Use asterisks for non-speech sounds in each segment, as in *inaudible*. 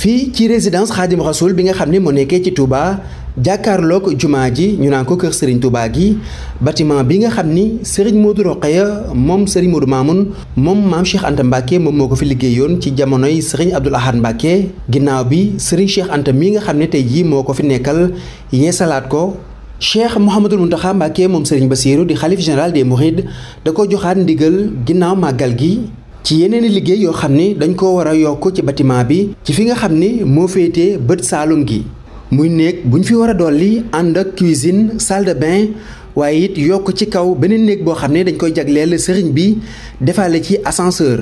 fii ci résidence Xaadim Rasoul bi nga xam ne moo nekkee ci Touba jàkkaarloog jumaa ji ñu naan ko kër Serigne Touba gi bâtiment bi nga xam ni Serigne Modou Rokhaya moom Serigne Modou Mamoun moom maam Cheikh Anta Mbacke moom moo ko fi liggéeyoon ci jamonoy Serigne Abdoul Ahad Mbacke ginnaaw bi Serigne Cheikh Anta mii nga xam ne tey jii moo ko fi nekkal salaat ko. cheikh Mouhamadul Mountakha Mbacke moom ba Bassirou di xalif général de Mourides da ko joxaat ndigal ginnaaw màggal gi ci yeneen i liggéey yoo xam ni dañ ko war a yokk ci bâtiment bi ci fi nga xam ni moo féetee bët saalum gi muy néeg bu ñu fi war a dolli ànd ak cuisine salle de waaye it yokk ci kaw beneen néeg boo xam ne dañ koy jagleel sëriñ bi defale ci ascenseur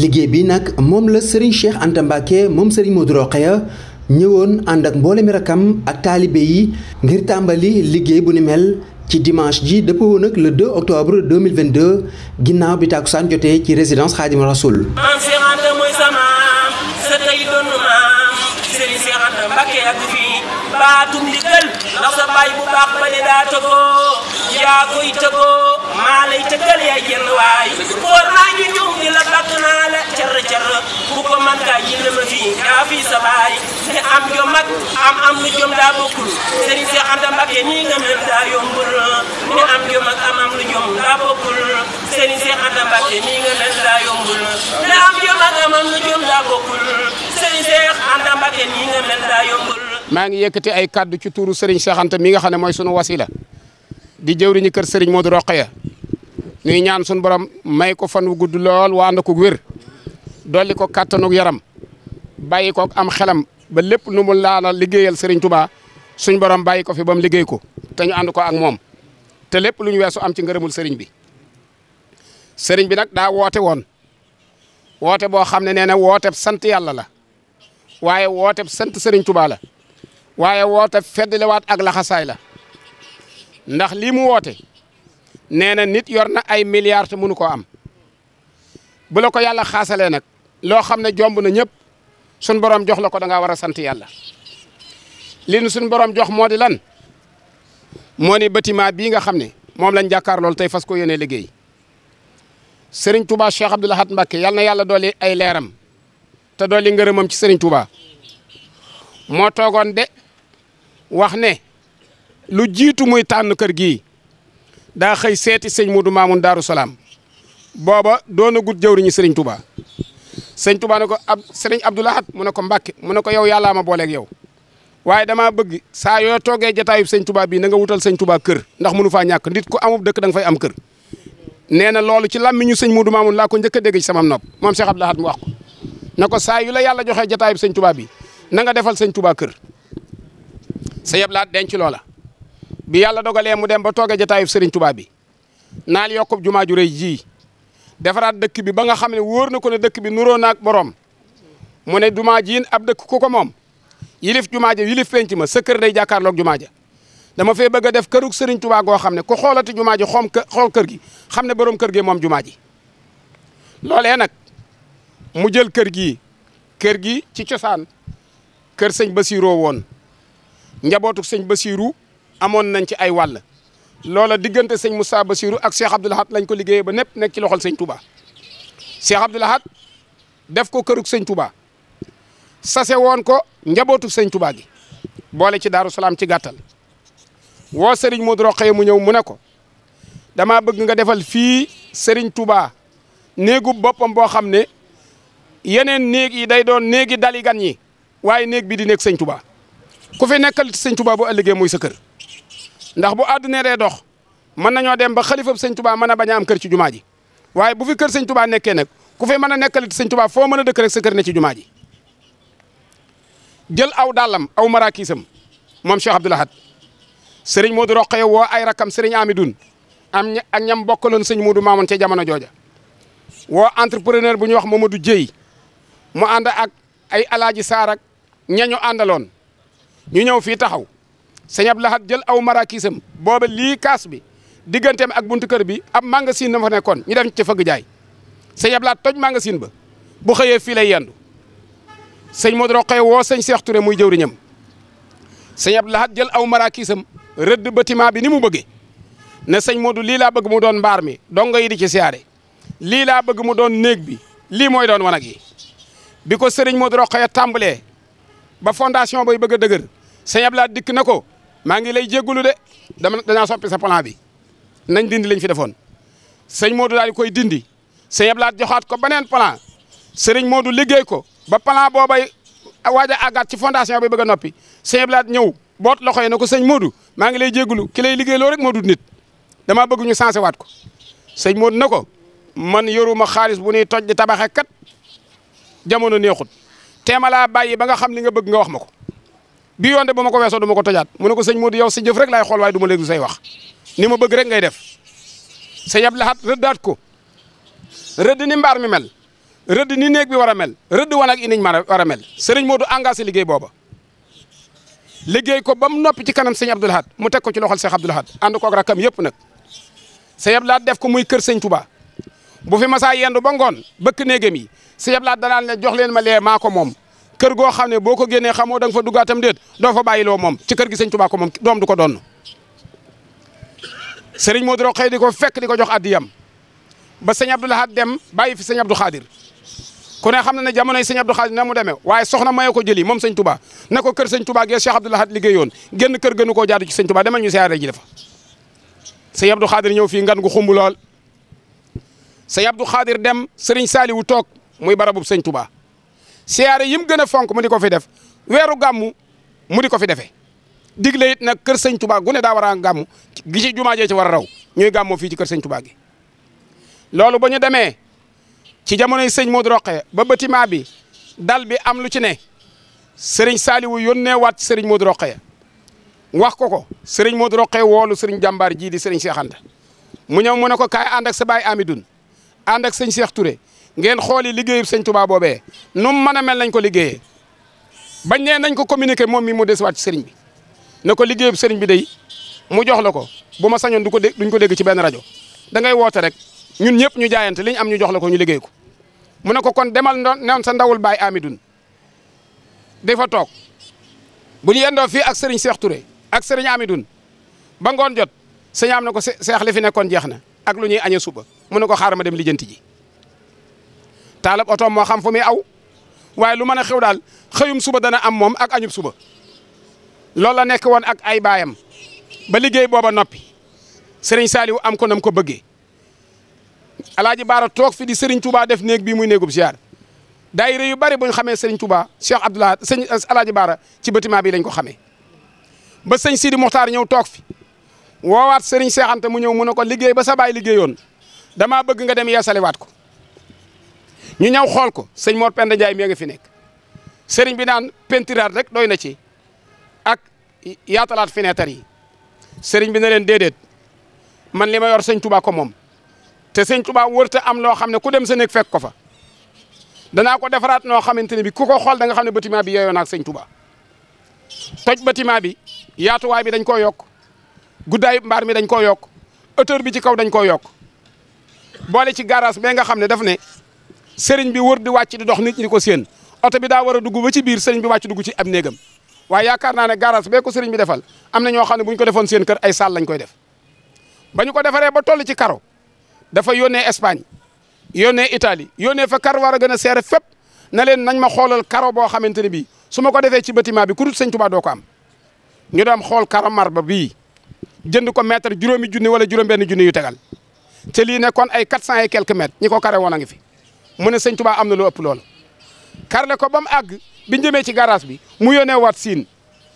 liggéey bi nag moom la sëriñ Cheikh Anta moom sëriñ Modou Rokhaya ñëwoon ànd ak mboolemi rakkam ak taalibe yi ngir tàmbali liggéey bu ni mel ci dimanche ji dëppoo nag le 2 octobre 2022 ginnaaw bi tàkkusaan jotee ci résidence Xaadimu Rasuul maam Cheikh Anta mooy sa maam sa tey maam Serigne Cheikh Anta ak fii baatum di kël ndax sa baay bu baax ba daa tëggoo yaa koy tëggoo maa lay tëggal yaay jënd waay xool naa ñu ñëw la bakk naa la bu ko man kaa jënd daa bokkul sëriñ si am jom mag am am lu daa bokkul sëriñ si Anta Mbakke nii nga mel daa yombul ne am jom mag am am lu daa bokkul sëriñ si Anta Mbakke nii nga mel daa yombul. maa ngi yëkkati ay kaddu ci tuuru Serigne Cheikh Anta mi nga xam ne mooy sunu wasila di jëwriñu kër Serigne Modou Rokhaya ñuy ñaan suñu borom may ko fan wu gudd lool waa na ko wér dolli ko kàttanug yaram bàyyi ko am xelam ba lépp nu mu laala liggéeyal Serigne Touba suñ borom bàyyi ko fi ba mu liggéey ko teñu ñu ànd ko ak moom te lépp lu ñu weesu am ci ngërëmul Serigne bi Serigne bi nag daa woote woon woote boo xam ne nee na wooteeb sant yàlla la waaye wooteeb sant Serigne Touba la waaye wooteeb feddlewaat ak laxasaay la ndax lii mu woote. nee na nit yor na ay milliards te mënu koo am bu la ko yàlla xaasalee nag loo xam ne jomb na ñëpp sun borom jox la ko da war a sant yàlla li nu sun borom jox moo di lan moo ni bâtiment bii nga xam ne moom lañ jàkkaar lool tey fas ko yéene liggéey Serigne Touba Cheikh Abdoul Ahad Mbacké yal na yàlla dooli ay leeram te dooli ngërëmam ci Serigne Touba moo toogoon de wax ne lu jiitu muy tànn kër gii daa xëy seeti sëñ Modou Mamoun Daaru Salaam booba doon na gudd jëwriñu sëriñ Touba sëñ Touba ne ko ab sëriñ Abdou Lahad mu ne ko Mbàkke mu ne ko yow yàllaa ma booleeg yow waaye damaa bëgg saa yoo toogee jataayub sëñ Touba bii na nga wutal sëñ tubaa kër ndax mënu faa ñàkk nit ku amub dëkk da nga am kër. nee na loolu ci làmmiñu sëñ Modou Mamoun laa ko njëkk a dégg ci sama nopp moom Cheikh Abdou Lahad mu wax ko na ko saa yu la yàlla joxee bi señ tubaa bi na nga defal sëñ Touba kër sëñ Abdou Lahad denc bi yàlla dogalee mu dem ba toogee jataayub Serigne Touba bi naal yokkub jumaa ju rëy ji defaraat dëkk bi ba nga xam ne wóor na ko ne dëkk bi nuroo naag boroom mu ne jumaa ji ab dëkk ku ko moom yilif jumaa ja yilif penc ma sa kër day jàkkaarloog jumaa ja dama fee bëgga def kërug Serigne Touba goo xam ne ku xoolati jumaa ji xoom xool kër gi xam ne borom kër gi moom jumaa ji nag mu jël kër gi kër gi ci cosaan kër sëñ Basiroo woon njabootu sëñ Basiru amoon nañ ci ay wàll loola diggante sëñ Moussa Bassirou ak Cheikh Abdoul lañ ko liggéeyee ba népp nekk ci loxol sëñ Touba Cheikh Abdoul Ahad def ko kërug sëñ Touba sase woon ko njabootu sëñ Touba gi boole ci Daaru Salaam ci gàttal woo Serigne Modou Rokhaya mu ñëw mu ne ko damaa bëgg nga defal fii Serigne Touba néegu boppam boo xam ne yeneen néeg yi day doon néegi dali gan ñi waaye néeg bi di nekk sëñ Touba ku fi nekkal sëñ Touba bu mooy sa kër. ndax bu àdduna dee dox mën nañoo dem ba xalifab sëñ tubaa mën a bañ am kër ci jumaa ji waaye bu fi kër sëñ tubaa nekkee nag ku fay mën a nekkalit sëñ tubaa foo mën a dëkk rek sa kër ne ci jumaa jël aw dàllam aw maraakiisam moom Cheikh Abdoul Ahad sëriñ Modou Roqe woo ay rakam sëriñ Amidoun am ak ñam bokkaloon sëñ Modou Mamoun ca jamono jooja woo entrepreneur bu ñuy wax Mamadou Dieye mu ànd ak ay alaaji Saar ak ñañu àndaloon ñu ñëw fii taxaw sëñ Abdou Lahad jël aw marakiisam booba lii kaas bi digganteem ak buntu kër bi ab magasin na fa nekkoon ñu def ci fëgg jaay sëñ Abdou Lahad toj magasin ba bu xëyee fii lay yendu sëñ Modou Rokhaya woo sëñ Cheikh ture muy jëwriñam sëñ Abdou Lahad jël aw marakiisam rëdd bâtiment bi ni mu bëggee ne sëñ Modou lii laa bëgg mu doon mbaar mi dongo yi di ci siyaare lii laa bëgg mu doon néeg bi lii mooy doon wanag yi bi ko sëriñ moo Modou Rokhaya tàmbalee ba fondation bay bëgg a dëgër sëñ Abdou na ko maa ngi lay jégalu de dama dañaa soppi sa plan bi nañ dindi lañ fi defoon sëñ Modou daal koy dindi sëñ Ablaat joxaat ko beneen plan sëriñ Modou liggéey ko ba plan boobay waaj a àggaat ci fondation bi bëgg a noppi sëñ Ablaat ñëw boot loxo yi na ko sëñ Modou maa ngi lay jégalu kilay lay liggéey loo rek moo dut nit damaa bëgguñu ñu waat ko sëñ Modou na ko man yoruma xaalis bu ñuy toj di tabaxee kat jamono neexut teema laa bàyyi ba nga xam li nga bëgg nga wax ma ko. bi yoon de ba ma ko weesoo du ma ko tojaat mu ne ko sëñ Modou yow sa jëf rek laay xool waaye du ma déglu say wax ni ma bëgg rek ngay def sëñ Abdou Lahad rëddaat ko rëdd ni mbaar mi mel rëdd ni néeg bi war a mel rëdd wan ak iniñ ma war a mel sëriñ Modou engagé liggéey booba liggéey ko ba mu noppi ci kanam sëñ Abdou mu teg ko ci loxol Cheikh Abdou Lahad ànd koog rakkam yëpp nag sëñ Abdou Lahad def ko muy kër sëñ Touba bu fi masaa yendu ba ngoon bëkk néegam yi sëñ Abdou danaan ne jox leen ma lee maa ko kër goo xam ne boo ko génnee xamoo da nga fa duggaatam déet doo fa bàyyiloo moom ci kër gi sëñ Tuubaa ko moom doom du ko doon sëriñ Modou Rokhaya di ko fekk di ko jox addiyam ba sëñ Abdou Lahad dem bàyyi fi sëñ Abdou Khadir ku ne xam na ne jamonoy sëñ Abdou Khadir na mu demee waaye soxna ma maye ko jëli moom sëñ Touba na ko kër sëñ Touba gee Cheikh Abdou Lahad liggéeyoon génn kër gënu koo jaadu ci sëñ Touba demal ñu siyaare ji dafa sëñ Abdou Khadir ñëw fii ngan gu xumb lool sëñ Abdou dem sëriñ Saliou toog muy barabub sëñ Touba siyaare yim gën a fonk mu di ko fi def weeru gàmmu mu di ko fi defee digle it nag kër sëñ Tuubaa gu ne daa war a gàmmu gi ci jumaa jee ci war a raw ñuy gàmmoo fii ci kër sëñ Tuubaa gi loolu ba ñu demee ci jamonoy sëñ Modou Roqe ba bâtiment bi dal bi am lu ci ne sëriñ saali Saliou yónnee waat sëriñ Modou Roqe wax ko ko sëriñ Modou Roqe woolu sëriñ jàmbaar jii di sëriñ Cheikh mu ñëw mu ne ko kaay ànd ak sa baay Amidoune ànd ak sëñ Cheikh Touré ngeen xooli liggéey sëñ Touba boobee nu mu mën mel nañ ko liggéeye bañ nee nañ ko communiqué moom mi mu desuwaat ci sëriñ bi ne ko liggéey liggéeyub sëriñ bi day mu jox la ko bu ma sañoon du ko dé duñ ko dégg ci benn rajo dangay woote rek ñun ñëpp ñu jaayante li am ñu jox la ko ñu liggéey ko. mu ne ko kon demal noon sa ndawul baay Amidun dafa toog bu ñu yendoo fii ak sëriñ Cheikh ture ak sëriñ Amidun ba ngoon jot sëñ na ko seex li fi nekkoon jeex na ak lu ñuy añee suba mu ne ko xaaral ma dem lijjanti ji. taalab otoom moo xam fu muy aw waaye lu mën a xew daal xëyum suba dana am moom ak añub suba loolu la nekk woon ak ay baayam ba liggéey booba noppi sëriñ Saliou am ko nam ko bëggee alaaji baara toog fi di sëriñ Touba def néeg bii muy néegub ziar daayira yu bari bu xamee sëriñ Touba Cheikh Abdoulaye sëñ alaaji baara ci bâtiment bi lañ ko xamee ba sëñ Sidi Muxtaar ñëw toog fi woowaat sëriñ Cheikh Anta mu ñëw mu ne ko liggéey ba sa baay liggéeyoon damaa bëgg dem yeesaliwaat ko ñu ñaw xool ko sëñ Mor Penda Ndiaye mi nga fi nekk sëriñ bi naan pentiraat rek doy na ci ak yaatalaat fenêtre yi sëriñ bi na leen déedéet man li ma yor sëñ Touba ko moom te sëñ Touba wërta am loo xam ne ku dem sa nekk fekk ko fa danaa ko defaraat noo xamante ne bi ku ko xool da nga xam ne bâtiment bi yeyoo naag sëñ Touba toj bâtiment bi yaatuwaay bi dañ ko yokk guddaayu mbaar mi dañ koo yokk hauteur bi ci kaw dañ ko yokk boole ci garage bee nga xam ne daf ne sëriñ bi wër di wàcc di dox nit ñi di ko séen oto bi daa war a dugg ba ci biir sëriñ bi wàcc dugg ci ab néegam waaye yaakaar naa ne garage bee ko sëriñ bi defal am na ñoo xam ne bu ñu ko defoon seen kër ay salle lañ def ba ñu ko defaree ba toll ci karo dafa yónnee Espagne yónnee Italie yónnee fa kar war a gën a seere fépp na leen nañ ma xoolal karo boo xamante ne bii su ma ko defee ci bâtiment bi ku dul sëñ Tuubaa doo ko am ñu doon xool karo ba bii jënd ko mètre juróomi junni wala juróom-benn junni yu tegal te lii ne kon ay quatre cent et ñi ko kare woon a ngi fi mu ne sëñ Tuubaa am na loo ëpp lool karle ko ba mu àgg bi ñu ci garaas bi mu yónnee waat siin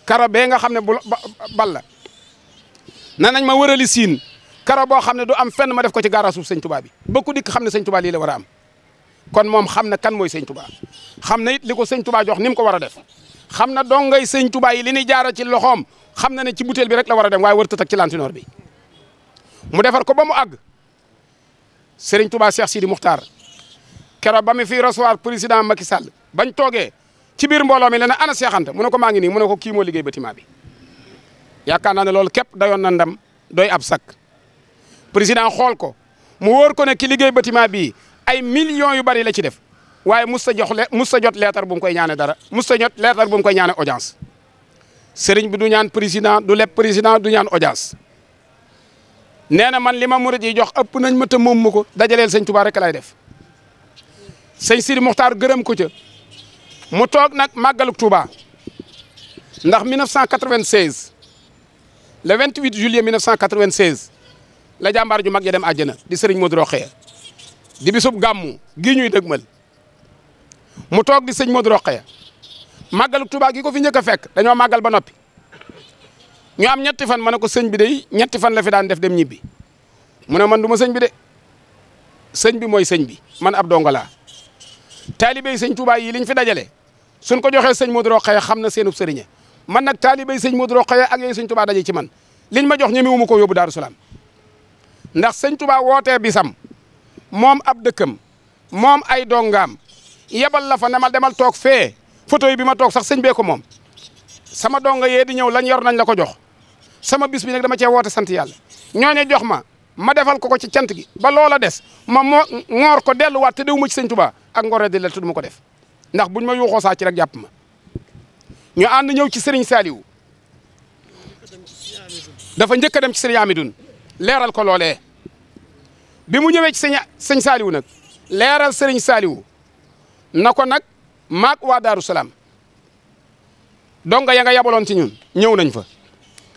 karo bee nga xam ne bu bal la na nañ ma wërali siin karo boo xam ne du am fenn ma def ko ci garage suuf sëñ Tuubaa bi ba ku dikk xam ne sëñ Tuubaa lii la war a am kon moom xam na kan mooy sëñ tubaa xam na it li ko sëñ Tuubaa jox ni mu ko war a def xam na dongay sëñ Tuubaa yi li ñuy jaara ci loxoom xam na ne ci butéel bi rek la war a dem waaye warut a teg ci lantinoor bi defar ko ba mu àgg Serigne Touba Cheikh Sidi Muxtaar keroog ba mi fii recevoir président Macky Sall bañ toogee ci biir mbooloo mi la ne ana Cheikh Anta mu ne ko maa ngi nii mu ne ko kii moo liggéey bâtiment bi yaakaar naa ne loolu képp dayoon na ndam doy ab sakk président xool ko mu wóor ko ne ki liggéey bâtiment bii ay millions yu bari la ci def waaye mus ta jox mus jot leetar bu mu koy ñaane dara mus ta jot leetar bu mu koy ñaane audience sëriñ bi du ñaan président du leb président du ñaan audience nee na man li ma murit yi jox ëpp nañ ma moom mu ko dajaleel sëñ Tuubaa rek lay def sëñ Sidi Muxtaar gërëm ko ca mu toog nag màggalu Touba ndax 1996 le 28 juillet 1996 la jàmbaar ju mag ja dem àjjana di sëriñ Modou Rokhaya di bisub gàmmu gii ñuy dëgmal mu toog di sëñ Modou Rokhaya màggalu Touba gi ko fi njëkk a fekk dañoo màggal ba noppi ñu am ñetti fan ma ne ko sëñ bi de ñetti fan la fi daan def dem ñibbi mu ne man du ma sëñ bi de sëñ bi mooy sëñ bi man ab dongo laa taalibey sëñ Touba yi liñ fi dajale suñ ko joxee sëñ Modou Rokhaya xam na seenub sëriñe man nag taalibey sëñ Modou Rokhaya ak yooyu sëñ Touba daje ci man liñ ma jox ñeme wu ma ko yóbbu Daaru Salaam ndax sëñ Touba wootee bisam moom ab dëkkam moom ay dongaam yebal la fa ne ma demal toog fee photo yi bi ma toog sax sëñ bee ko moom sama donga yee di ñëw lañ yor nañ la ko jox sama bis bi nag dama cee woote sant yàlla ñooñu jox ma ma defal ko ko ci cant gi ba loola des ma moo ŋoor ko delluwaat te déwuma ci sëñ ak ngoro di la tudd ma ko def ndax buñ ma yuuxoo saa ci rek jàpp ma ñu ànd ñëw ci Serigne Saliou dafa njëkk a dem ci Serigne dun leeral ko loole bi mu ñëwee ci sëñ sëñ Saliou nag leeral Serigne Saliou na ko nag maak waa Daaru Salaam donc ya nga yabaloon ci ñun ñëw nañ fa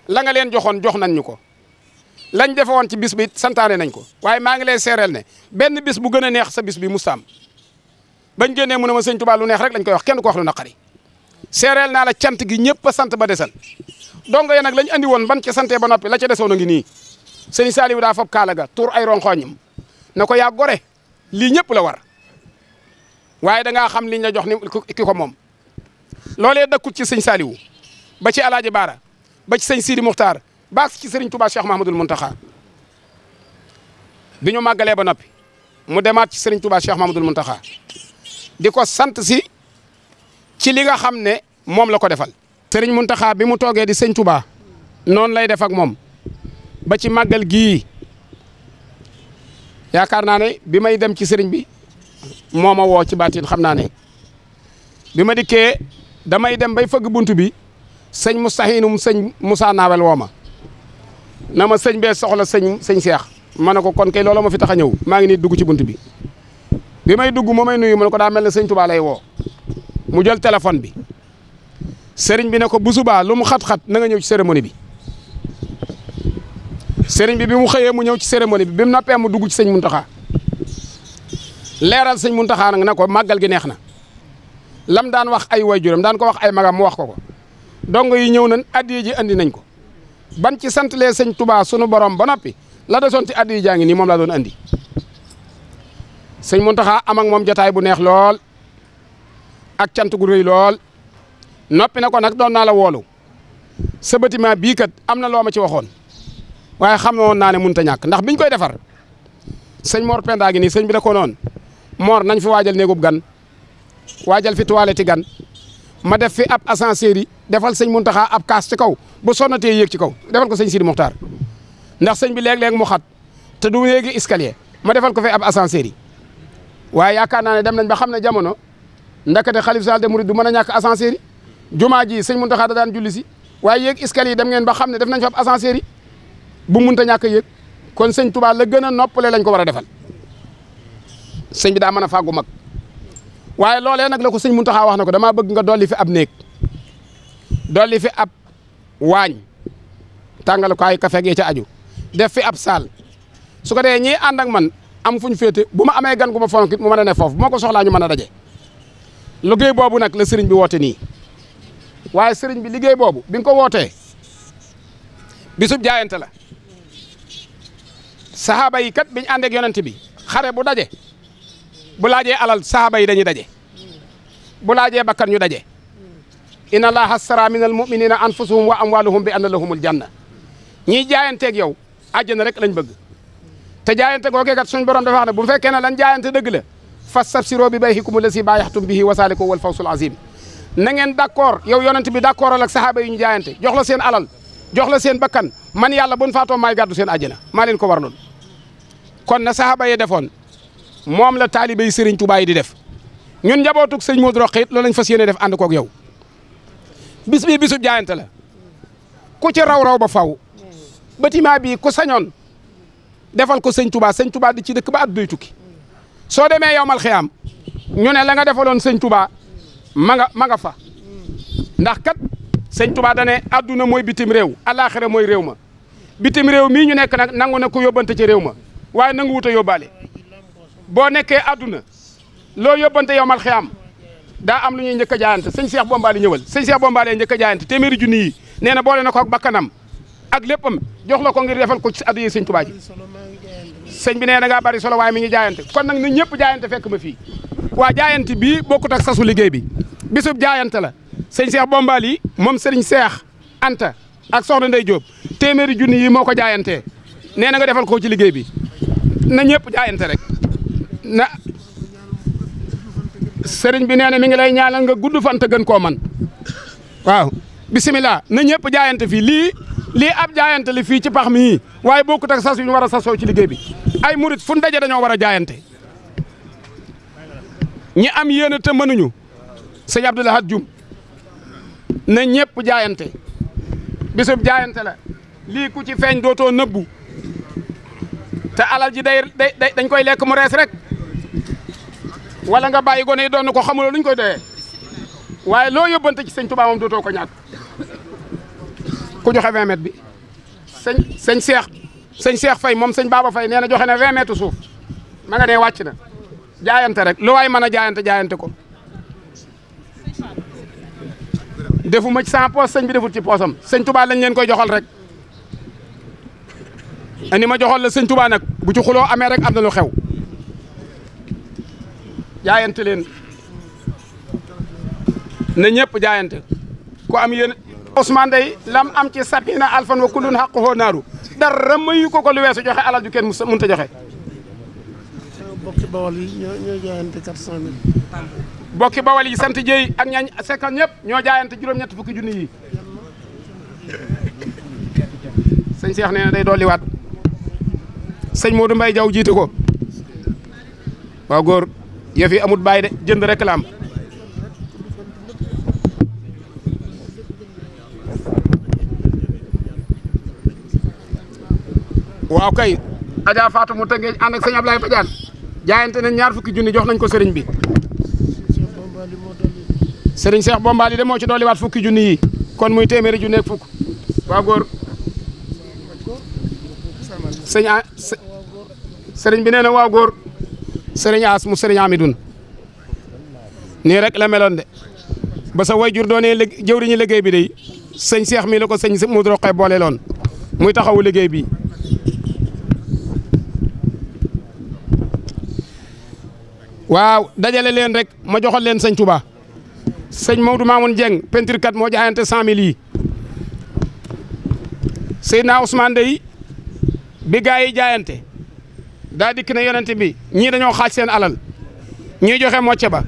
la nga leen joxoon jox nañ ñu ko lañ defe woon ci bis bi santaane nañ ko waaye maa ngi leen seereel ne benn bis bu gën a neex sa bis bi mustaam bañ génnee mu ne ma sëñ Tuubaa lu neex rek lañ koy wax kenn ko wax lu naqari seereel naa la cant gi ñëpp a sant ba desal dongo ya nag lañ andi woon ban ca santee ba noppi la ca desoon a ngi nii sëñ Saliou daa fab kaala ga tuur ay ronxooñam na ko yaa gore lii ñëpp la war waaye dangaa xam liñ la jox ni ki ko moom loolee dëkkut ci sëñ Saliou ba ci alaaji Baara ba ci sëñ Sidi Muxtaar ba ci sëriñ Touba Cheikh Mahamadul Muntaxa bi ñu màggalee ba noppi mu demaat ci sëriñ Touba Cheikh Mahamadul Muntaxa di ko sant si ci li nga xam ne moom la ko defal. Serigne Mountakha bi mu toogee di sëñ Touba noonu lay def ak moom ba ci màggal gii yaakaar naa ne bi may dem ci sëriñ bi moo ma woo ci baatin xam naa ne bi ma dikkee damay dem bay fëgg buntu bi sëñ mu Moustahinum sëñ Moussa Nawel woo ma na ma sëñ bee soxla sëñ sëñ Cheikh ma ne ko kon kay loola ma fi tax a ñëw maa ngi nii dugg ci buntu bi. bi may dugg moo may nuyu mu ne ko daa mel ne sëñ Tuubaa lay woo mu jël téléphone bi sëriñ bi ne ko bu subaa lu mu xat-xat nanga nga ñëw ci cérémonie bi sëriñ bi bi mu xëyee mu ñëw ci cérémonie bi bi mu nappee mu dugg ci sëñ Muntaxa leeral sëñ Muntaxa nag na ko màggal gi neex na lam daan wax ay waajuram daan ko wax ay magam mu wax ko ko dong yi ñëw nañ addiya ji andi nañ ko ban ci sant lee sëñ Tuubaa sunu borom ba noppi la desoon ci addiya jaa ngi nii moom laa doon andi. sëñ Muntaxa am ak moom jataay bu neex lool ak cant gu lool noppi na ko nag doon naa la woolu sa bâtiment bii kat am na loo ma ci waxoon waaye xam na woon naa ne mënut ndax biñ koy defar sëñ moor Penda gi nii sëñ bi da ko noon Mor nañ fi waajal néegub gan waajal fi toilette gan ma def fi ab ascenseur yi defal sëñ Muntaxa ab kaas ci kaw bu te yéeg ci kaw defal ko sëñ Sidi Mokhtar ndax sëñ bi léeg-léeg mu xat te du yéegi escalier ma defal ko fi ab ascenseur yi. waaye yaakaar naa ne dem nañ ba xam ne jamono ndakate xalif sal de murid du mën a ñàkk ascenseur yi jumaa ji sëñ Muntaxa da daan julli si waaye yéeg escalier yi dem ngeen ba xam ne def nañ fa ab bu munta ñàkk a yéeg kon sëñ tubaal la gën a noppale lañ ko war a defal sëñ bi daa mën a fàggu mag waaye loole nag la ko sëñ Muntaxa wax na ko damaa bëgg nga dolli fi ab néeg dolli fi ab waañ tàngalu kaayu kafe gee ca aju def fi ab saal su ko dee ñii ànd man am fuñ ñu féete bu ma amee gan gu ma fonk it mu mën a ne foofu bu ma ko soxlaa ñu a daje liggéey boobu nag la sëriñ bi woote nii waaye sëriñ bi liggéey boobu bi nga ko wootee bisub jaayante la saxaaba yi kat biñu ànd ak bi xare bu daje bu laajee alal saxaaba yi dañuy daje bu laajee bakkan ñu daje inna allaha astara min al muminina anfusahum wa amwaluhum bi anna lahumul janna ñiy jaayanteeg yow àjjana rek lañ bëgg te jaayante googee kat suñ borom dafa wax ne bu fekkee ne lan jaayante dëgg la fastabsiroo bi bay'ikum allazi baayaxtum bihi wa zaalika huwal fawzul aziim na ngeen d'accord yow yonent bi d'accord ak saxaaba yu ñu jaayante jox seen alal jox la seen bakkan man yàlla buñ faatoo maay gàddu seen àjjana maa leen ko waraloon kon na saxaaba yi defoon moom la taalibe yi Serigne Touba yi di def ñun njabootug sëñ Modou Rokhaya loolu lañ fas yéene def and koog yow bis bii bisub jaayante la ku ci raw raw ba faw defal ko sëñ Touba sëñ Touba di ci dëkk ba at duy tukki soo demee yowmal am ñu ne la nga defaloon sëñ Touba ma nga ma nga fa ndax kat sëñ Touba da ne adduna mooy bitim réew alaxira mooy réew ma bitim réew mii ñu nekk nag nangu ne ko yóbbante ci réew ma waaye nangu wut yóbbaale boo nekkee adduna loo yóbbante yowmal am daa am lu ñuy njëkk a jaayante sëñ Cheikh Bombali ñëwal sëñ Cheikh Bombali njëkk a jaayante téeméeri junni yi nee na boole na ko ak bakkanam ak léppam jox la ko ngir defal ko ci addiya sëñ Tuubaa ji sëñ bi nee na ngaa bari solo waaye mi ngi jaayante kon nag nit ñëpp jaayante fekk ma fi waa jaayante bii bokkut ak sasu liggéey bi bisub jaayante la sëñ Cheikh Bombal moom sëriñ seex Anta ak soxna Ndey Jóob téeméeri junni yi moo ko jaayante nee na nga defal ko ci liggéey bi na ñëpp jaayante rek na sëriñ bi nee na mi ngi lay ñaanal nga gudd fanta gën koo man waaw bisimilah na ñëpp jaayante fii lii lii ab jaayante li fii ci pax mii waaye bokkut ko sas yu ñu war a sasoo ci liggéey bi ay murit fun ndaje dañoo war a jaayante ñi am yéene te mënuñu sëñ Abdou Lahad Dioum na ñëpp jaayante bisub jaayante la lii ku ci feeñ dootoo nëbbu te alal ji dey day dañ koy lekk mu rees rek wala nga bàyyi gone yi doon ko xamuloo luñ koy doyee waaye loo yóbbante ci sëñ Tuubaa moom dootoo ko ñàkk ku joxe 20 mètres bi sëñ sëñ Cheikh sëñ Cheikh Faye moom sëñ Baba Faye nee na joxe na 20 mètres suuf ma nga ne wàcc na jaayante rek lu waay mën a jaayante jaayante ko defu ma ci sama sëñ bi deful ci poosam sëñ Touba lañ leen koy joxal rek ani ma joxal la sëñ Touba nag bu ci xuloo amee rek am na lu xew jaayante leen na ñëpp jaayante ku am yéen Ousmane day lam am ci sabina alfan wa kullun xaqoo naaru dara mayu ko lu weesu joxe alal ju kenn mën ta joxe. bokki bawal yi ñoo ñoo jaayante 400000. bokki bawal yi ak ñañ sekkan ñëpp ñoo jaayante juróom-ñett fukki junni yi. sëñ Cheikh nee na day dolliwaat sëñ Modou Mbaye Diaw jiite ko waaw góor yëf amut bàyyi de jënd rek la am waaw kay Adja Fatou mu tëngee ànd ak sëñ Ablaye Badiane jaayante nañ ñaar fukki junni jox nañ ko sëriñ bi sëriñ Cheikh Bombali de moo ci dolliwaat fukki junni yi kon muy téeméeri junni ak fukk waa sëñ bi nee na waa góor sëriñ As mu sëriñ Amidoun nii rek la meloon de ba jur doonee jëwriñu liggéey bi de sëñ seex mi la ko sëñ Modou Roqe boole loon muy taxawu liggéey bi. waaw dajale leen rek ma joxal leen sëñ Touba sëñ Maodo Mamoun Dieng peinture kat moo jaayante cent mille yi Seydina Ousmane Dey bi gaa yi jaayante daa dikk ne yonent bi ñii dañoo xaaj seen alal ñii joxe mocce ba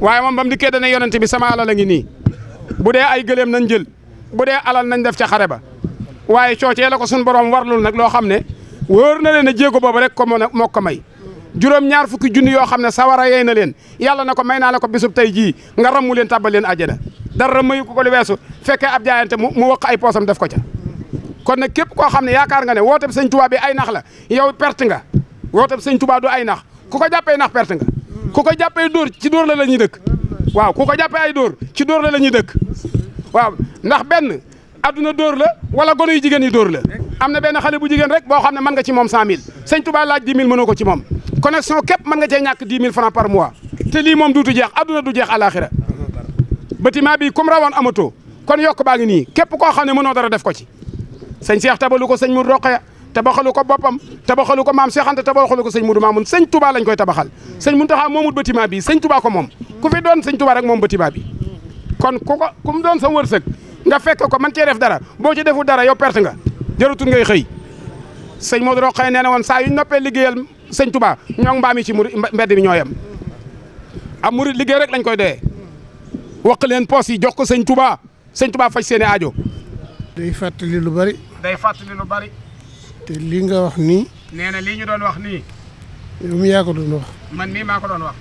waaye moom ba mu dikkee dana yonent bi sama alal a ngi nii bu dee ay gëleem nañ jël bu dee alal nañ def ca xare ba waaye coocee la ko suñu borom warlul nag loo xam ne wóor na leen ne jéego boobu rek ko mën a moo ko may. juróom-ñaar fukki junni yoo xam ne sawara yey na leen yàlla na ko may naa la ko bisub tey jii nga rammu leen tàbbal leen àjjana dara mayu ko ko lu weesu fekkee ab jaayante mu mu waq ay poosam def ko ca kon nag képp koo xam ne yaakaar nga ne woote sëñ Tuubaa bi ay nax la yow perte nga woote sëñ Tuubaa du ay nax ku ko jàppee nax perte nga ku ko jàppee dóor ci dóor la la ñuy dëkk waaw ku ko jàppee ay dóor ci dóor la la ñuy dëkk waaw ndax benn adduna dóor la wala gone yu jigéen yi dóor la am na benn xale bu jigéen rek boo xam ne mën ci moom 100000 sëñ Tuubaa laaj 10 000 mënoo ko ci moom connexion képp mën nga cee ñàkk dix mille francs par mois te lii moom duutu jeex adduna du jeex àlaxira bâtiment bi comme rawoon amatoo kon yokk baa ngi nii képp koo xam ne noo dara def ko ci sëñ Cheikh tabalu ko sëñ Mourou Roqaya tabaxalu ko boppam tabaxalu ko maam Cheikh Anta tabaxalu ko sëñ Mourou Mamoun sëñ Touba lañ koy tabaxal sëñ Mountakha moomut bâtiment bi sëñ Touba ko moom ku fi doon sëñ Touba rek moom bâtiment bi kon ku ko ku mu doon sa wërsëg nga fekk ko man cee def dara boo ci deful dara yow perte nga jëratul ngay xëy sëñ Mourou Roqaya nee na woon saa yu liggéeyal sëñ Touba ñoom mbaam yi ci murid mbedd mi ñoo yem am murid liggéey rek lañ koy dee wax leen poos yi jox ko sëñ Touba sëñ tubaa faj seen i aajo. day fàttali lu bari. day fàttali lu bari. te lii nga wax nii. nee na lii ñu doon wax nii. yow mi yaa doon wax. man mii maa ko doon wax.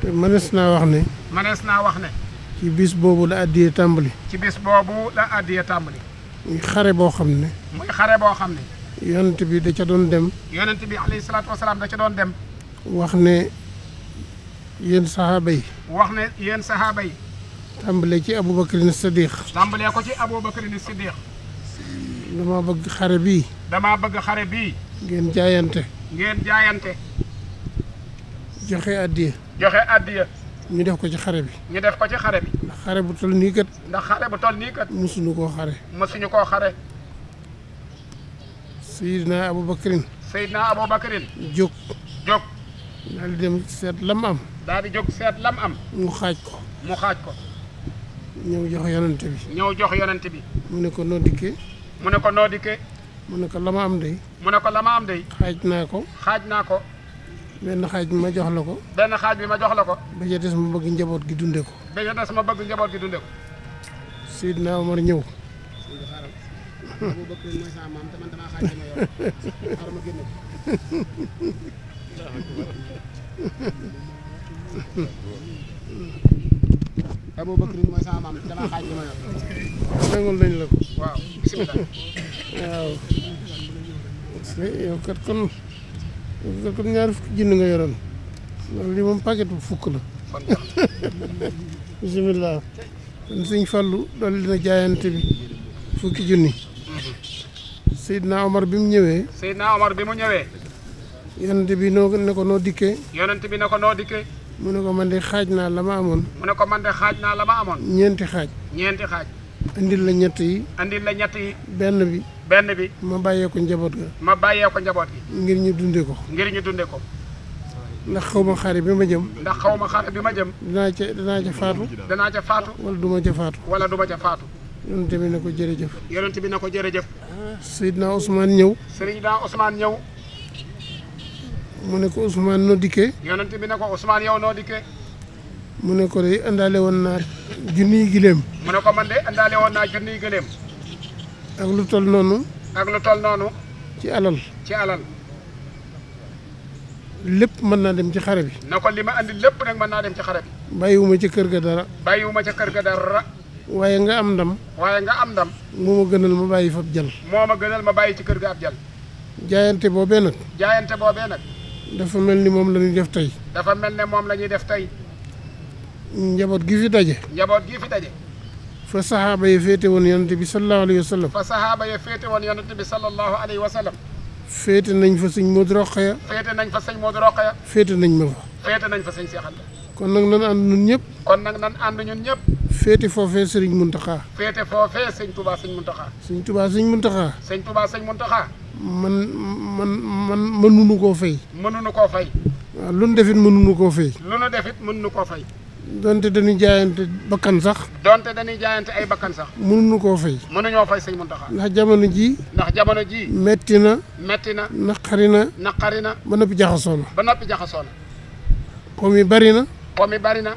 te mënees naa wax ne. mënees naa wax ne. ci bis boobu la addiyee tàmbali. ci bis boobu la addiyee tàmbali. muy xare boo xam ne. muy xare boo xam ne. yonent bi da ca doon dem. yonent bi alayhi salaatu wasalaam da ca doon dem. wax ne yéen saxaaba yi. wax ne yéen saxaaba yi. tàmbale ci Aboubacar Siddiq. tàmbalee ko ci Aboubacar Siddiq. dama bëgg xare bi dama bëgg xare bi ngeen jaayante. ngeen jaayante. joxe addiya. joxe addiya. ñu def ko ci xare bi. ñu def ko ci xare bi. xare bu toll nii kat. ndax xare bu toll nii kat. mosuñu koo xare. mosuñu koo xare. Seydina Aboubacrin. Seydina Aboubacrin. jóg. jóg. daal di dem seet lam am. daal di jóg seet lam am. mu xaaj ko. mu xaaj ko. ñëw jox yonent bi. ñëw jox yonent bi. mu ne ko noo dikkee. mu ne ko noo dikkee. mu ne ko la ma am day. mu ne ko la ma am day. xaaj naa ko. xaaj naa ko. benn xaaj bi ma jox la ko. benn xaaj bi ma jox la ko. ba ca des ma bëgg njaboot gi dunde ko. ba ca des ma bëgg njaboot gi dunde ko. Seydina Omar ñëw. Abu Bakr mooy sama la ko waaw yow kat kon ñaari fukki junni nga yoroon li moom paquet fukk la bisimilah kon sëñ Fallou dolli na jaayante bi fukki junni Seydina Omar bi mu ñëwee. Seydina Omar bi mu ñëwee. yonent bi noo ne ko noo dikkee. yonent bi ne ko noo dikkee. mu ne ko man de xaaj naa la ma amoon. mu ne ko man de xaaj naa la ma amoon. ñeenti xaaj. ñeenti xaaj. andil la ñett yi. andil la ñett yi. benn bi. benn bi. ma bàyyee njaboot ga. ma bàyyee ko njaboot gi. ngir ñu dundee ko. ngir ñu dundee ko. ndax xaw xare bi ma jëm. ndax xaw ma xare bi ma jëm. danaa ca danaa ca faatu. danaa ca faatu. wala du ma ca faatu. wala du ma faatu. yonent bi na ko jërëjëf. yonent bi na ko jërëjëf. Seydina Ousmane ñëw. Seydina Ousmane ñëw. mu ne ko Ousmane noo dikkee. yonent bi na ko Ousmane yow noo dikkee. mu ne ko de àndaale woon naa junniy gileem. mu ne ko man de àndaale woon naa junniy gileem. ak lu tol noonu. ak lu tol noonu. ci alal. ci alal. lépp mën naa dem ci xare bi. na ko li ma andi lépp nag mën naa dem ci xare bi. bàyyiwuma ci kër dara. bàyyiwuma ca kër ga dara. waaye nga am ndam. waaye nga am ndam. moo ma gënal ma bàyyi fab jal. moo a gënal ma bàyyi ci kër ga ab jal. jaayante boobee nag. jaayante boobee nag. dafa mel ni moom la ñuy def tey. dafa mel ne moom la def tey. njaboot gi fi daje. njaboot gi fi daje. fa saxaaba ya féete woon yonante bi sallallahu alayhi wa sallam. fa saxaaba ya féete woon yonante bi sallallahu alayhi wa sallam. féete nañ fa sëñ Modou Rokhaya. féete nañ fa sëñ Modou Rokhaya. féete nañ ma fa. nañ fa sëñ Cheikh kon nag nan ànd ñun ñëpp. kon nag nan ànd ñun ñëpp. féete foofee sëriñ Muntaxa. féete foofee sëñ Touba sëñ Muntaxa. sëñ Touba sëñ Muntaxa. sëñ Touba sëñ Muntaxa. man man man mënuñu koo fay. mënuñu koo fay. waaw lu nu koo fay. lu nu defit koo fay. donte dañuy jaayante bakkan sax. donte dañuy ay bakkan sax. mënuñu koo fay. mënuñoo fay sëñ Muntaxa. ndax jamono jii. ndax jamono jii. metti na. metti na naqari na. naqari na. ba noppi jaxasoo ba noppi jaxasoo na. koom yi bari na. po mi na.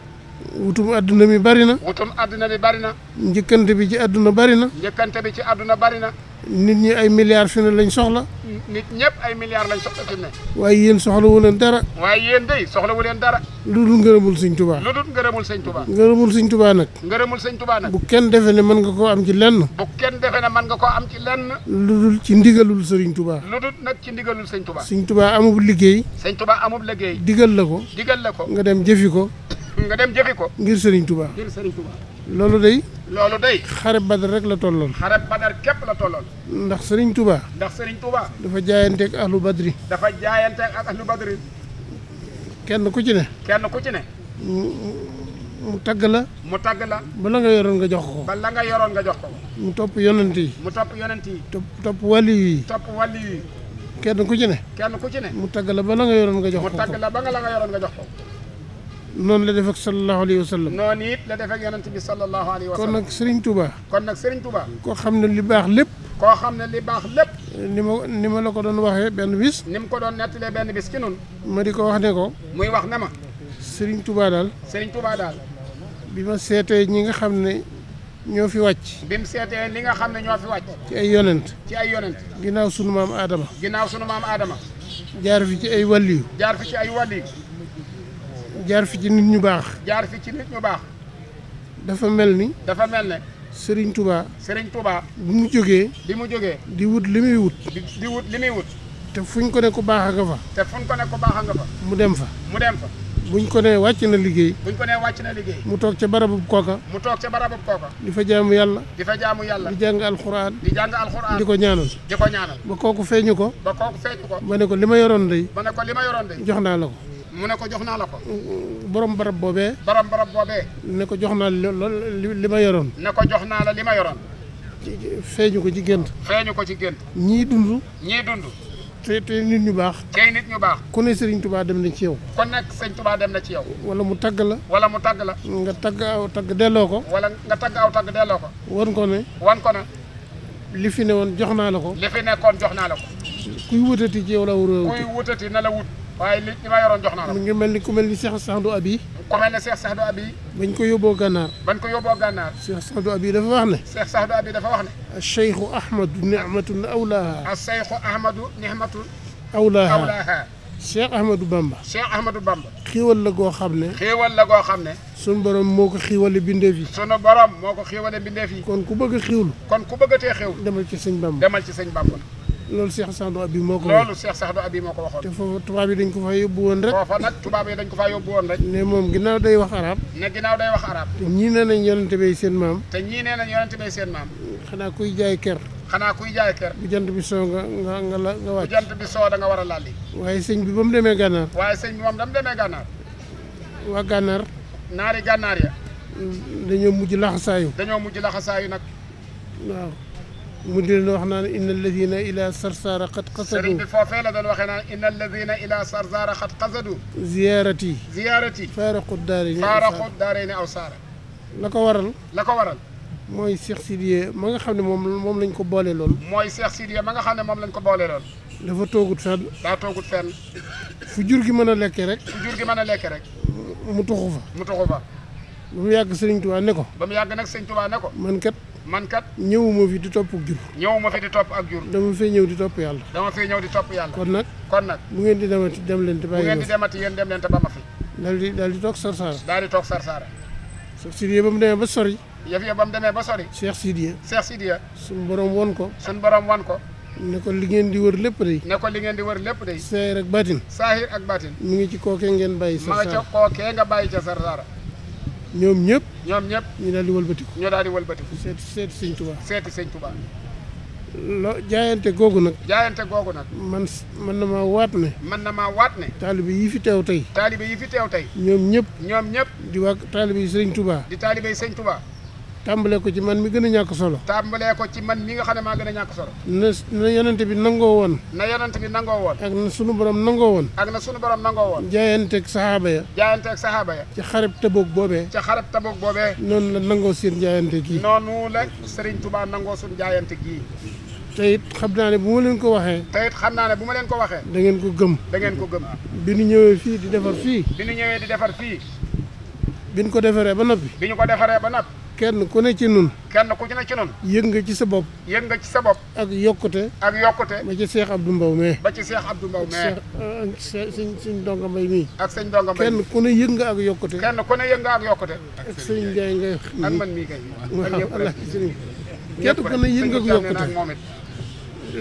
wutum adduna mi bari na. wutum adduna mi bari na. njëkkante bi ci adduna bari na. njëkkante bi ci adduna bari na. nit ñi ay milliards fi ne lañ soxla. nit ñëpp ay milliards lañ soxla fi ne. waaye soxla wu leen dara. waaye yéen day wu leen dara. lu dul ngërëmul sëñ tubaa. lu dul ngërëmul sëñ tubaa. ngërëmul sëñ tubaa nag. ngërëmul sëñ tubaa nag. bu kenn defe ne mën nga ko am ci lenn. bu kenn defe ne mën nga koo am ci lenn. lu dul ci ndigalul sëriñ tubaa. lu dul nag ci ndigalul sëñ tubaa. sëñ tubaa amub liggéey. sëñ tubaa amub liggéey. digal la ko. digal la ko nga dem jëfi ko. nga dem jëfi ko. ngir sëriñ tubaa. ngir sëriñ tubaa. loolu day loolu day xare badar rek la tolloon xare badar képp la tolloon ndax sëriñ Touba. ndax sëriñ Touba. dafa jaayanteeg ahlu badri dafa jaayanteeg ak ahlu badri kenn ku ci ne kenn ku ci ne mu tagg la mu tagg la ba la nga yoroon nga jox ko ba la nga yoroon nga jox ko mu topp yonent yi mu topp yonent yi topp topp wàlli yi topp wàlli yi kenn ku ci ne kenn ku ne mu tagg la ba la nga yoroon nga jox ko mu ba nga la nga yoroon nga jox ko noonu la def ak sallallahu alayhi wa sallam. noonu it la def ak yonent bi sallallahu alayhi wa sallam. kon nag Serigne Touba. kon nag Serigne Touba. koo xam ne li baax lépp. koo xam ne li baax lépp. ni ma ni ma la ko doon waxee benn bis. ni mu ko doon nettalee benn bis ci noonu. ma di ko wax ne ko. muy wax ne ma. Serigne Touba daal. Serigne Touba daal. bi ma seetee ñi nga xam ne ñoo fi wàcc. bi mu seetee li nga xam ne ñoo fi wàcc. ci ay yonent. ci ay yonent. ginnaaw sunu maam Adama. ginnaaw sunu maam Adama. jaar fi ci ay wàlliyu. jaar fi ci ay jaar fi ci nit ñu baax. jaar fi ci nit ñu baax. dafa mel ni. dafa mel ne. Serigne Touba. Serigne Touba. bi mu jógee. bi mu jógee. di wut li muy wut. di wut li muy wut. te fuñ ko ne ku baax nga fa. te fuñ ko ne ku baax nga fa. mu dem fa. mu dem fa. buñ ko nee wàcc na liggéey. buñ ko nee wàcc na liggéey. mu toog ca barabub kooka. mu toog ca barabub kooka. di fa jaamu yàlla. di fa jaamu yàlla. di jàng alxuraan. di jàng alxuraan. di ko ñaanal. di ko ñaanal. ba kooku feeñu ko. ba kooku feeñu ko. ma ne ko li ma yoroon day. ma ne ko li ma yoroon day. jox naa la ko. mu ne ko jox naa la ko. borom barab boobee. borom barab boobee. ne ko jox naa li ma yoroon. ne ko jox naa la li ma yoroon. feeñu ko ci gént. feeñu ko ci gént. ñii dund. ñii dund. te te nit ñu baax. tey nit ñu baax. ku ne Serigne Touba dem na ci yow. ku nekk Serigne Touba dem na ci yow. wala mu tagg la. wala mu tagg la. nga tagg aw tagg delloo ko. wala nga tagg aw tagg delloo ko. wan ko ne. wan ko ne. li fi ne woon jox naa la ko. li fi nekkoon jox naa la ko. kuy wutati ci yow la wut. kuy wutati ne la wut. waaye li li ma yoroon jox naa la. mu ngi mel ni ku mel ni Cheikh Sadou Abi. ku mel ne Cheikh Sadou Abi. bañ ko yóbboo gànnaar. bañ ko yóbboo gànnaar. Cheikh Sadou Abi dafa wax ne. Cheikh Sadou Abi dafa wax ne. Cheikhu Ahmadu nicmatun awlaaha. Cheikhu Ahmadu nicmatun. awlaaha awlaaha. Cheikh Ahmadou Bamba. Cheikh Ahmadou Bamba. xiiwal la goo xam ne. xiiwal la goo xam ne. sunu borom moo ko xiiwale bindeef yi. sunu borom moo ko xiiwale bindeef yi. kon ku bëgg a xiiwlu. kon ku bëgg a tee xiiwlu. demal ci sëñ Bamba. demal ci sëñ Bamba. loolu Cheikh Sadou Abi moo ko loolu Cheikh Sadou Abi moo ko waxoon te foofu tubaab yi dañ ko fa yóbbu woon rek foofa nag ko fa yóbbu ne moom ginnaaw day wax arab ne ginnaaw day wax arab te ñii nee nañ yonente bay seen maam te ñii nee nañ yonente bay seen maam xanaa kuy jaay ker xanaa kuy jaay ker bu jant bi soo nga nga la nga wàcc bu jant bi soo da nga war a lalli waaye sëñ bi ba mu demee gànnaar waaye sëñ bi moom da mu demee waa gànnaar naari gànnaar ya dañoo mujj laxasaayu dañoo mujj laxasaayu nag waaw mu di leen wax naan inna alladina ila sarsaara qad qasadu sëriñ bi foofee la doon waxee naan inna alladina ila sarsaara qad qasadu ziyaarati ziyaarati faaraqu daarayni aw saara la ko waral la ko waral mooy Cheikh Sidiye ma nga xam ne moom moom lañ ko boole lool mooy Cheikh Sidiye nga xam ne moom lañ ko boole lool dafa toogut fenn daa toogut fenn fu jur gi mën a lekke rek fu jur gi mën a lekke rek mu tuxu fa mu tuxu fa ba mu yàgg sëriñ Tuubaa ne ko ba mu yàgg nag sëriñ Tuubaa ne ko mën kat man kat ñëwuma fi di topp ak jur ñëwuma fi di topp ak jur dama fee ñëw di topp yàlla dama fee ñëw di topp yàlla kon nag kon nag bu ngeen di demati dem leen te bàyyi di demati yéen dem leen te ba ma fi daal di daal di toog sarsaara daal di toog sarsaara Cheikh ba mu demee ba sori yëf ya ba mu demee ba sori Cheikh Sidiya Cheikh Sidiya suñu borom won ko suñu borom won ko ne ko li ngeen di wër lépp day ne ko li ngeen di wër lépp day saahir ak baatin saahir ak baatin mu ngi ci kookee ngeen bàyyi sarsaara ma nga ca kookee nga bàyyi ca ñoom ñëpp. ñoom ñëpp. ñu daal di wëlbatiku. ñu daal di wëlbatiku. seeti seeti sëñ Touba. seeti sëñ Touba. lo jaayante googu nag. jaayante googu nag. man man na maa waat ne. man na maa waat ne. taalibe yi fi teew tey. taalibe yi fi teew tey. ñoom ñëpp. ñoom ñëpp. di waa taalibe yi sëñ Touba. di taalibe yi sëñ tàmbalee ko ci man mi gën a ñàkk solo tàmbalee ko ci man mi nga xam ne maa gën a ñàkk solo na na bi nangoo woon na yonente bi nangoo woon ak na sunu borom nangoo woon ak na sunu borom nangoo woon jaayanteeg saxaaba ya jaayanteeg saxaaba ya ci xarab taboog boobee ci xarab taboog boobee noonu la nangoo seen jaayante gii noonu la Serigne Touba nangoo suñu jaayante gii te xam naa ne bu ma leen ko waxee te xam naa ne bu ma leen ko waxee da ngeen ko gëm da ngeen ko gëm bi ñu ñëwee fii di defar fii bi ñu di defar fii bi ko defaree ba noppi bi ko defaree ba noppi kenn ku ne ci nun kenn ku ci ne ci nun yëg nga ci sa bopp yëg nga ci sa bopp ak yokkute ak yokkute ba ci Seex Abdou Mbow mee ba ci Seex Abdou Mbow mee euh, sëñ sëñ Donga Mbay mii ak kenn ku yëg nga ak yokkute kenn ku ne yëg nga ak yokkute ak sëñ Njaay ngay ak man mii kay waaw ala sëriñ kenn ku ne yëg nga yokkute moom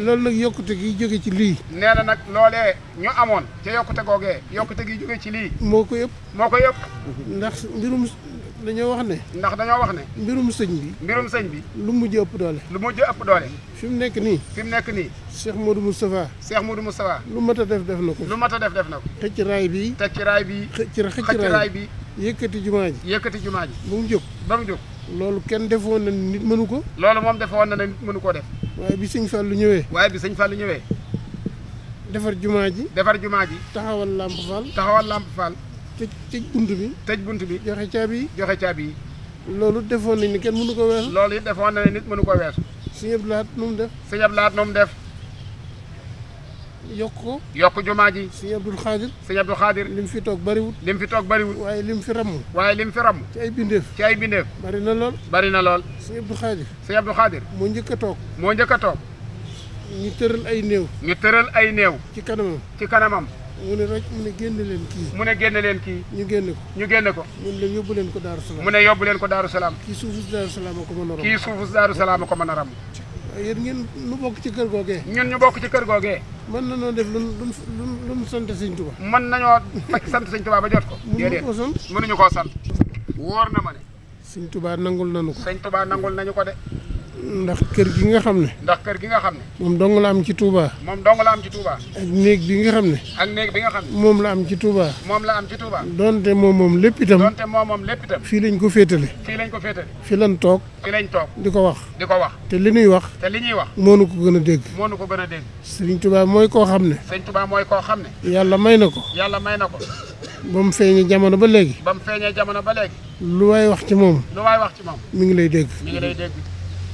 loolu nag yokkute gi jóge ci lii nee na nag loolee ñu amoon ca yokkute googee yokkute gi jóge ci lii moo ko yëpp moo ko yëpp ndax mbirum dañoo wax ne. ndax dañoo wax ne. mbirum sëñ bi. mbirum sëñ bi. lu mujj ëpp doole. lu mujj ëpp doole. fi mu nekk nii. fi mu nekk nii. Cheikh Modou Moustapha. Cheikh Modou Moustapha. lu mat a def def na ko. lu mat a def def na ko. xëcc raay bi. xëcc raay bi. xëcc raay bi. yëkkati jumaa ji. yëkkati jumaa ji. ba mu jóg ba mu jóg. loolu kenn defoon na nit mënu ko. loolu moom defoon na nit mënu koo def. waaye bi sëñ lu ñëwee. waaye bi sëñ Fallou ñëwee. defar jumaa ji. defar jumaa ji. taxawal Lamp Fall. taxawal làmp Fall. tëj tëj bunt bi. tëj bunt bi joxe caabi yi. joxe caabi yi. loolu defoon nañ ni kenn mënu ko weesu. loolu defoon na ne nit mënu ko weesu. sëñ Abdou Lahad nu mu def. sëñ Abdou Lahad nu def. yokk ko yokk jumaa ji sëñ Abdul Xaadir sëñ Abdul Xaadir lim fi toog bariwul lim fi toog bariwul waaye lim fi ramm waaye lim fi ramm ci ay bindeef ci ay bindeef bari na lool bari na lool sëñ Abdul Xaadir sëñ Abdul Xaadir moo njëkk toog moo njëkk a toog ñu tëral ay néew ñu tëral ay néew ci kanamam ci kanamam mu ne roj mu ne génn leen kii mu ne génn leen kii ñu génn ko ñu génne ko mu ne yóbbu leen ko daaru salaam mu ne yóbbu leen ko daaru salaam kii suufu si daaru a ko mën a kii suufu si daaru a ko mën a ram yéen ngeen nu bokk ci kër goo gee ñun ñu bokk ci kër googee mën nañoo def lu lu lu mu sant sëñ Tuba mën nañoo faj sant sëñ Tuba ba jot ko déedéet ko sant mënuñu koo sant wóor na ma ne sëñ Tuba nangul nañu ko sëñ Tuba nangul ñu ko de ndax kër gi nga xam ne. ndax gi nga xam ne. moom dong la am ci Touba. la am ci Touba. ak néeg bi nga xam ne. moom la am ci Touba. moom la am ci Touba. donte moom moom lépp itam. donte moom moom fii lañ ko féetale. fii lañ ko féetale. fi lañ toog. fi lañ di ko wax. di ko wax te li ñuy wax. te li ñuy wax. moonu ko gën a dégg. moonu ko gën a dégg. Sëriñ Touba mooy koo xam ne. Sëriñ Touba mooy koo xam ne. yàlla may na ko. na ko. ba mu feeñee jamono ba léegi. ba mu ba léegi. lu waay wax ci moom. lu waay wax ci moom. mi ngi mi ngi lay dégg.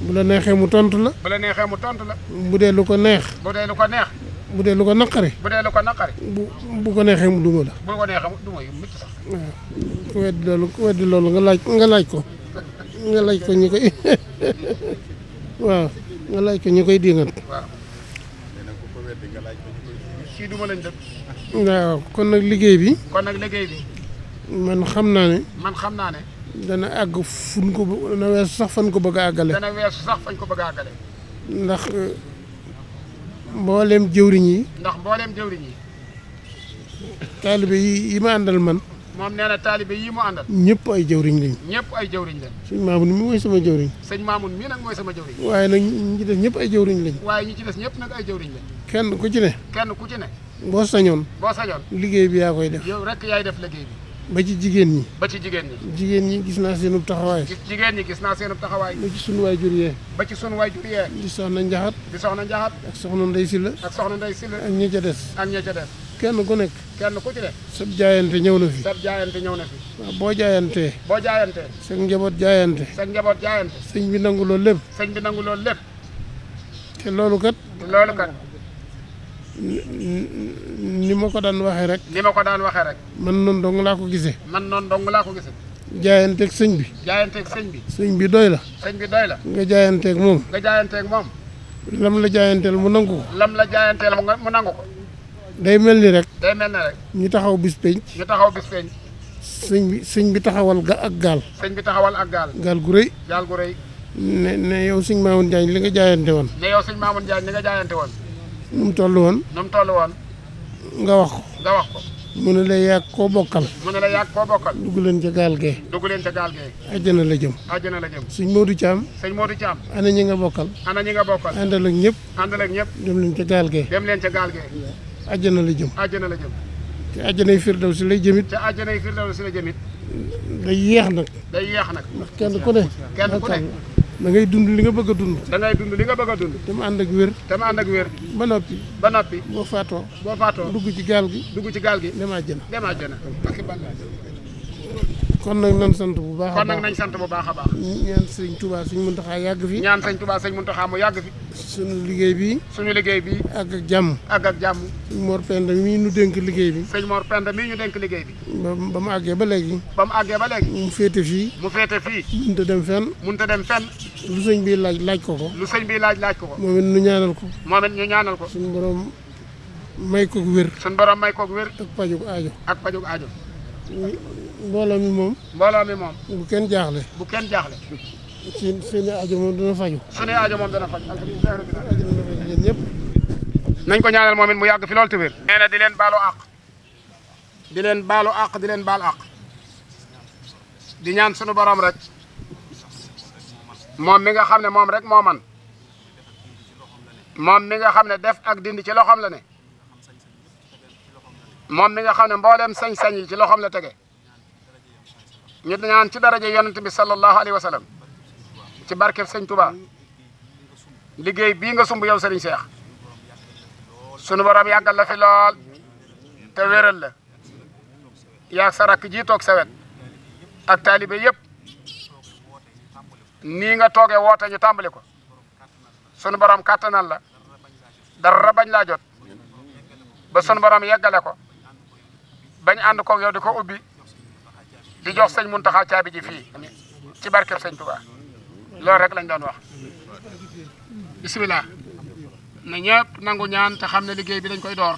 bu la neexee mu tontu la. bu la neexee mu tontu la. bu dee lu ko neex. bu dee lu ko neex. bu dee lu ko naqari. bu dee lu ko naqari. bu bu ko neexee mu duma la. bu ko neexee mu duma yu mucc sax. waaw loolu nga laaj ko nga laaj ko ñu koy *laughs* waaw nga laaj ko ñu koy diingat. waaw. kon nag liggéey bi. kon nag liggéey xam naa ne. man xam naa ne. dana àgg fuñ ko sax fan ko bëgg a àggale. dana weesu sax fañ ko bëgg a àggale. ndax euh, mboolem jëwriñ yi. ndax mboolem jëwriñ yi. taalibe yi yi ma àndal man. moom nee na taalibe yi mu àndal. ñëpp ay jëwriñ lañ. ñëpp ay jëwriñ lañ. sëñ Maamun mi mooy sama jëwriñ. sëñ Maamun mii nag mooy sama jëwriñ. waaye nag ñi ci des ñëpp ay jëwriñ lañ. waaye ñi ci des ñëpp nag ay jëwriñ lañ. kenn ku ci kenn ku ci ne. boo sañoon. boo sañoon liggéey bi yaa koy def. yow rek yaay def liggéey bi. ba ci jigéen ñi. ba ci jigéen ñi. jigéen ñi gis naa seenub taxawaay. jigéen ñi gis naa seenub taxawaay. ba ci sunu waay jur yee. ba ci sunu waay jur yee. di soxna Njaxat. di soxna Njaxat. ak soxna Ndey Silla. ak soxna Ndey Silla. ak ña ca des. ak ña ca des. kenn ku nekk. kenn ku ci nekk. sab jaayante ñëw na fi. sab jaayante ñëw na fi. waaw boo jaayantee. boo jaayantee. sag njaboot jaayante. sag njaboot jaayante. sëñ bi nangu loolu lépp. sëñ bi nangu loolu lépp. te loolu kat. loolu kat. ni ma ko daan waxee rek. ni ma ko daan waxee rek. man noonu dong laa ko man noonu dong laa ko gisee. jaayanteeg sëñ bi. jaayanteeg sëñ bi. sëñ bi doy la. sëñ bi doy la. nga jaayanteeg moom. nga jaayanteeg moom. lam la jaayanteel mu nangu ko. lam la jaayanteel mu nangu ko. day mel ni rek. day mel ni ñu taxaw bis penc. taxaw bis sëñ bi sëñ bi taxawal ga ak gaal. sëñ bi taxawal ak gaal. gaal gu rëy. gaal gu rëy. ne ne yow sëñ Mamoune Diagne li nga jaayante woon. ne yow sëñ Mamoune nu mu toll woon. nu mu toll woon. nga wax ko. nga wax ko. mu ne la yàgg koo bokkal. mu ne la yàgg koo bokkal. dugg leen ca gaal gee. dugg leen ca gaal gee. àjjana la jëm. àjjana la jëm. sëñ Modou Thiam. sëñ Modou Thiam. ana ñi nga bokkal. ana ñi nga bokkal. àndal ak ñëpp. àndal ak ñëpp. dem leen ca gaal gee. leen ca gaal gee. àjjana la jëm. àjjana la jëm. te àjjanay Firdawsi lay jëmit. te àjjanay Firdawsi lay jëmit. day yéex nag. day yeex nag. kenn ku ne. kenn ku ne. da ngay dund li nga bëgg a dund. da ngay dund li nga bëgg a dund. te mu ànd ak wér. te mu ànd ak wér. ba noppi. ba noppi boo faatoo. boo faatoo dugg ci gaal gi. dugg ci gaal gi. dem àjjana dem àjjana. kon nag nañ sant bu baax a baax nag nañ sant bu baax a baax. ñaan sëñ Touba sëñ Muntaxa yàgg fi. ñaan sëñ Touba sëñ Muntaxa mu yàgg fi. suñu liggéey bi suñu liggéey bi ak jàmm. àgg ak jàmm. sëñ Mor Penda mii ñu dénk liggéey bi. sëñ Mor Penda mii ñu denk liggéey bi. ba ba mu àggee ba léegi. ba mu àggee ba léegi. mu féete fii. mu féete fii. mënut a dem fenn. mënut a dem fenn. lu sëñ bi laaj laaj ko ko. lu sëñ bi laaj laaj ko ko. moom it ñaanal ko. moom it ñu ñaanal ko. suñu borom may koog wér. suñu borom may koog wér. ak pajug aajo. ak pajug aajo. mbooloo mi moom. mbooloo mi moom. bu kenn jaaxle. bu kenn jaaxle. ci suñu aajo moom dana faju. suñu aajo moom dana faju. alhamdulilah nañ ko ñaanal moom it mu yàgg fi loolu te wér. di leen baalu àq. di leen baalu di leen baal àq. di ñaan sunu borom rek. moom mi nga xam ne moom rek moo man moom mi nga xam ne def ak dindi ci loxoom la ne. moom mi nga xam ne mboolem sañ-sañ yi ci loxoom la tege. ñu ñaan ci daraja yonent bi sallallahu alayhi wa sallam ci barkeb sëñ Touba liggéey bii nga sumb yow sëriñ seex sunu borom yàggal la fi lool te wéral la yaa sa rakk ji toog sawet ak taalibe yépp nii nga toogee woote ñu tàmbali ko sunu borom kàttanal la dara bañ laa jot ba sunu borom yeggale ko bañ ànd koog yow di ko ubbi. di jox sëñ Muntaxa caabi ji fii ci barkeb sëñ Tuubaa loolu rek lañ doon wax bisimilah na ñëpp nangu ñaan te xam ne liggéey bi dañ koy door